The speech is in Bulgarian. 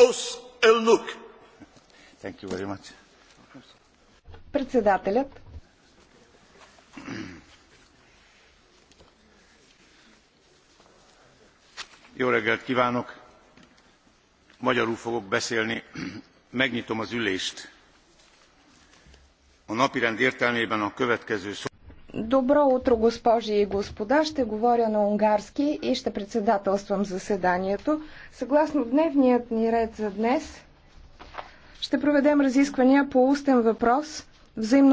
Ос Елнук. Thank you very much. Председателят. Jó reggelt kívánok! Magyarul fogok beszélni. Megnyitom az ülést. A napirend értelmében a következő Добро утро, госпожи и господа. Ще говоря на унгарски и ще председателствам заседанието. Съгласно дневният ни ред за днес, ще проведем разисквания по устен въпрос. Взаимно